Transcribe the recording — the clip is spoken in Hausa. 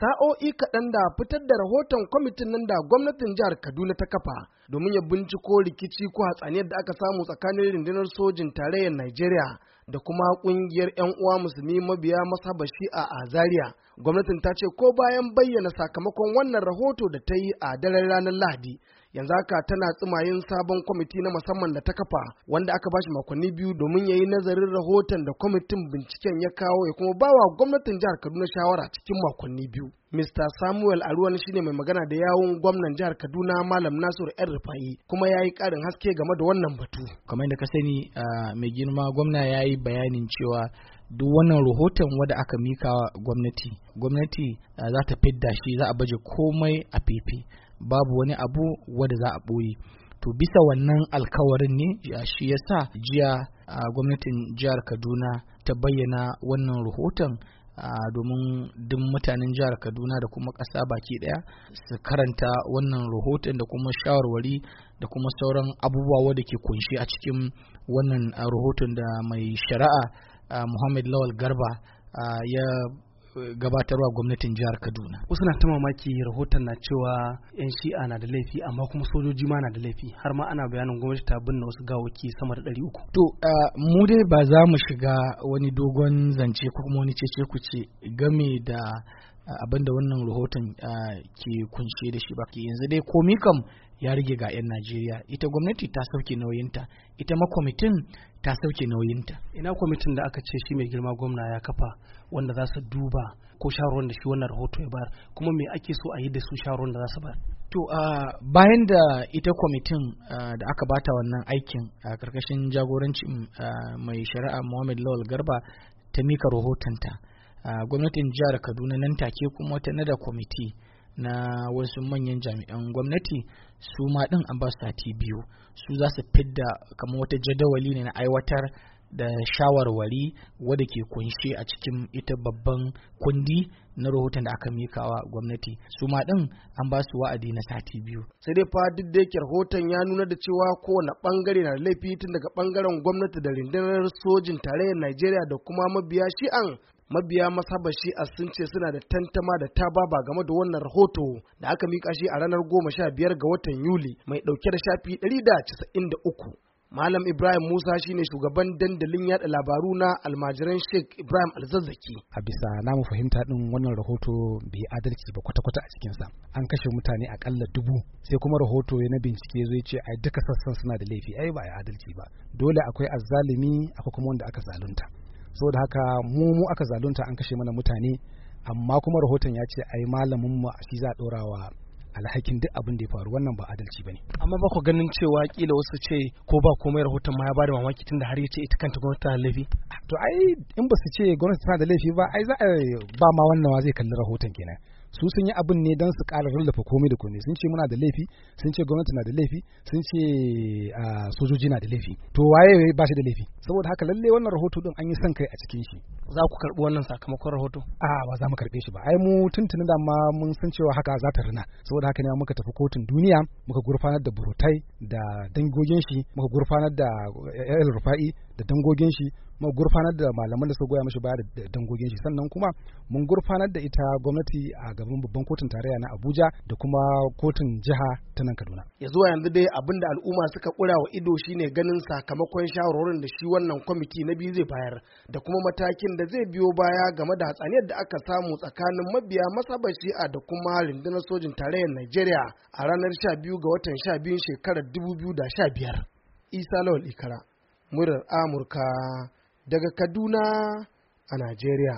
sa'o'i kaɗan da fitar da rahoton kwamitin nan da gwamnatin jihar Kaduna ta kafa domin ya binciko rikici ko hatsaniyar da aka samu tsakanin rundunar sojin tarayyar Najeriya da kuma ƙungiyar 'yan uwa musulmi mabiya masaba shi'a a Zaria. Gwamnatin ta ce ko bayan bayyana sakamakon wannan rahoto da ta yi a daren ranar Lahadi yanzu haka tana tsimayin sabon kwamiti na musamman da ta kafa wanda aka bashi makonni biyu domin ya yi nazarin rahoton da kwamitin binciken ya kawo ya kuma bawa gwamnatin jihar Kaduna shawara cikin makonni biyu. Mr. Samuel Aruwan shine mai magana da yawun gwamnan jihar Kaduna Malam Nasiru ‘yan Rufa'i kuma ya yi ƙarin haske game da wannan batu. Kamar da ka sani mai girma gwamna ya yi bayanin cewa duk wannan rahoton wanda aka mika gwamnati, gwamnati za ta fidda shi za a baje komai a fefe. babu wani abu wadda za a ɓoye to bisa wannan alkawarin ne shi ya sa jiya a gwamnatin jihar kaduna ta bayyana wannan rahoton domin duk mutanen jihar kaduna da kuma ƙasa baki ɗaya su karanta wannan rahoton da kuma shawarwari da kuma sauran abubuwa da ke kunshi a cikin wannan rahoton da mai shari'a muhammad lawal garba ya gabatarwa gwamnatin jihar Kaduna. Wasu na ta mamaki rahoton na cewa 'yan shi'a na da laifi amma kuma sojoji ma na da laifi har ma ana bayanin gwamnati ta binne wasu gawaki sama da ɗari uku. To mu dai ba za mu shiga wani dogon zance ko kuma wani cece kuce game da abin da wannan rahoton ke kunshe da shi ba. Yanzu dai komi kam ya rige ga 'yan Najeriya ita gwamnati ta sauke nauyinta ita ma kwamitin ta sauke nauyinta ina kwamitin da aka ce shi mai girma gwamna ya kafa wanda za su duba ko shawarwar da shi wannan rahoto ya bayar kuma me ake so a yi da su shawarwar da za su bayar to uh, bayan da ita kwamitin da aka bata wannan aikin a uh, karkashin jagoranci mai shari'a Muhammad Lawal Garba ta mika rahotonta gwamnatin jihar Kaduna nan take kuma ta nada kwamiti na wasu manyan jami'an gwamnati su ma ɗin an ba sati biyu su za su fidda kamar wata jadawali ne na aiwatar da shawarwari wadda ke kunshe a cikin ita babban kundi na rahoton da aka mikawa gwamnati su ma din an ba su wa'adi na sati biyu sai dai fa duk da yake rahoton ya nuna da cewa kowane bangare na laifi tun daga bangaren gwamnati da rundunar sojin tarayyar Najeriya da kuma mabiya shi'an mabiya masaba a sun ce suna da tantama da ta baba game da wannan rahoto da aka mika shi a ranar goma sha biyar ga watan yuli mai ɗauke da shafi ɗari da casa'in da uku Malam Ibrahim Musa shine shugaban dandalin yada labaru na almajiran Sheikh Ibrahim Alzazzaki. A bisa namu fahimta din wannan rahoto bai adalci ba kwata-kwata a cikinsa. An kashe mutane akalla dubu sai kuma rahoto ya na bincike zai ce ai duka sassan suna da laifi ai ba ya adalci ba. Dole akwai azzalumi akwai kuma wanda aka zalunta. saboda haka mu mu aka zalunta an kashe mana mutane amma kuma rahoton ya ce ai malamin mu shi za a wa alhakin duk abin da ya faru wannan ba adalci bane amma ba ku ganin cewa kila wasu ce ko ba komai rahoton ma ya bada mamaki tunda har ya ce ita kanta gwamnati ta da laifi to ai in ba su ce gwamnati ta da laifi ba ai za a ba ma wannan wa zai kalli rahoton kenan su sun yi abin ne don su ƙara rullafa komai da komai sun ce muna da laifi sun ce gwamnati na da laifi sun ce sojoji na da laifi to waye ba shi da laifi saboda haka lalle wannan rahoto din an yi son kai a cikin shi za ku karɓi wannan sakamakon rahoto? A ba za mu karɓe shi ba. Ai mu tuntuni da ma mun san cewa haka za ta rina. Saboda haka ne muka tafi kotun duniya muka gurfanar da burutai da dangogin shi muka gurfanar da yayin Rufa'i da dangogin shi muka gurfanar da malaman da suka goya mashi baya da dangogin shi sannan kuma mun gurfanar da ita gwamnati a gaban babban kotun tarayya na Abuja da kuma kotun jiha ta nan Kaduna. Ya zuwa yanzu dai abinda al'umma suka kura wa ido shine ganin sakamakon shawarwarin da shi wannan kwamiti na biyu zai bayar da kuma matakin da zai biyo baya game da hatsaniyar da aka samu tsakanin mabiya masabar shi'a da kuma rundunar sojin tarayyar Najeriya a ranar 12 ga watan 12 shekarar 2015. Isa Lawal Ikara, murar Amurka daga Kaduna a Najeriya.